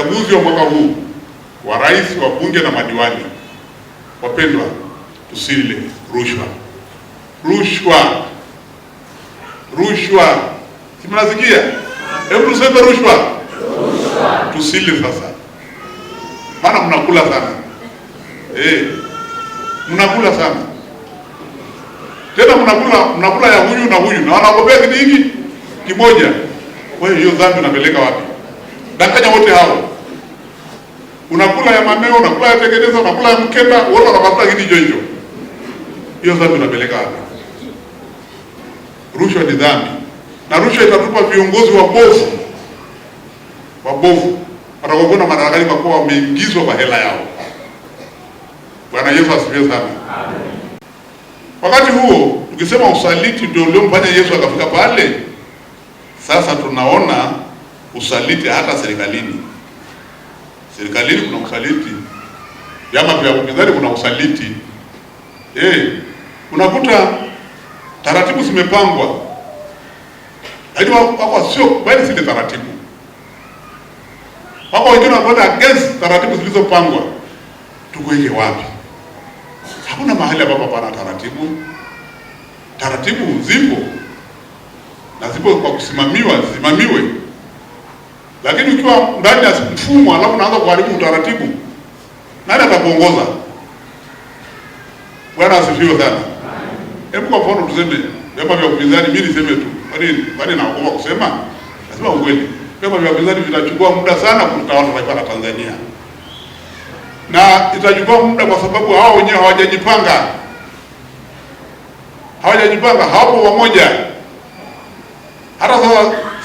Uchaguzi wa mwaka huu wa rais, wa bunge na madiwani, wapendwa, tusile rushwa. Rushwa, rushwa, simnasikia? Hebu tuseme rushwa, tusile sasa, maana mnakula sana eh, mnakula sana tena, mnakula mnakula ya huyu na huyu, na wanagobea kitu hiki kimoja. Wewe hiyo dhambi unapeleka wapi? Danganya wote hao, unakula ya Mameo, unakula ya Tengeneza, unakula ya Mkenda, wote wanakula kitu hicho hicho. Hiyo dhambi unapeleka hapa. Rushwa ni dhambi, na rushwa itatupa viongozi wabovu. Wabovu watakokwenda madarakani kwa kuwa wameingizwa kwa hela yao. Bwana Yesu asifiwe sana. Wakati huo tukisema usaliti ndio uliomfanya Yesu akafika pale, sasa tunaona usaliti hata serikalini. Serikalini kuna usaliti, vyama vya upinzani kuna usaliti. Eh, unakuta taratibu zimepangwa, lakini wako sio kweli zile taratibu. Wako wengine wanakwenda against taratibu zilizopangwa. Tukuweke wapi? Hakuna mahali ambapo pana taratibu. Taratibu zipo na zipo kwa kusimamiwa, zisimamiwe. Lakini ukiwa ndani ya mfumo alafu unaanza kuharibu utaratibu, nani atakuongoza? Bwana asifiwe sana. Hebu kwa mfano tuseme vyama vya upinzani, mimi niseme tu, kwani kwani naogopa kusema, nasema ukweli, vyama vya upinzani vitachukua muda sana kutawala taifa la Tanzania, na itachukua muda kwa sababu hao wenyewe hawajajipanga, hawajajipanga, hawapo pamoja. Hata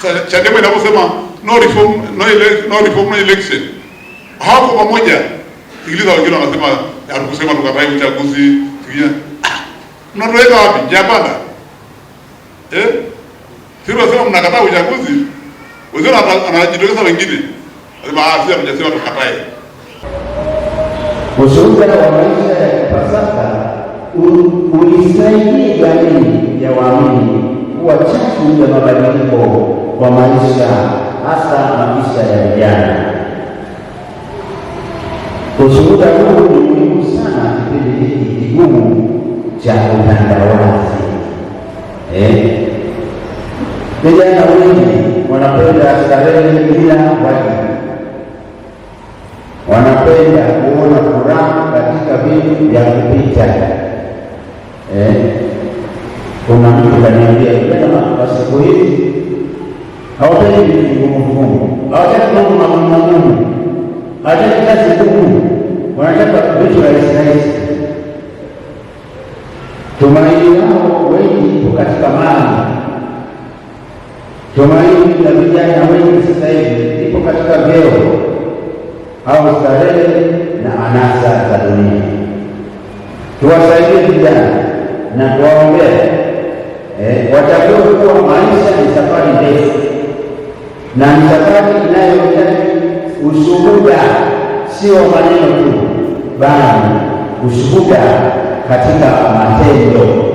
sasa Chadema inaposema no reform no, election, no reform no election. Hapo pamoja. Sikiliza, wengine wanasema hatukusema tukatai uchaguzi. sikia mnatuweka wapi? Japana eh, sio sema mnakataa uchaguzi, wengine anajitokeza, wengine anasema ah, sio tunasema tukatae. Ushuhuda wa maisha ya kipasaka ulisaidia jamii ya waamini kuwa chachu ya mabadiliko kwa maisha hasa maisha ya vijana. Ushuhuda huu ni muhimu sana kipindi hiki kigumu cha utandawazi. Eh? Vijana wengi wanapenda starehe bila wajibu, wanapenda kuona furaha katika vitu vya kupita. Eh? Kuna mtu kaniambia, siku hizi hawapendi vuguvugu, hawataki mambo magumu, hawataki kazi ngumu, wanataka vitu rahisi rahisi. Tumaini lao wengi ipo katika mali, tumaini la vijana wengi sasa hivi ipo katika vyeo au starehe na anasa za dunia. Tuwasaidie vijana na tuwaombee eh, watakiwa kuwa na ni safari inayohitaji ushuhuda, sio maneno tu, bali ushuhuda katika matendo.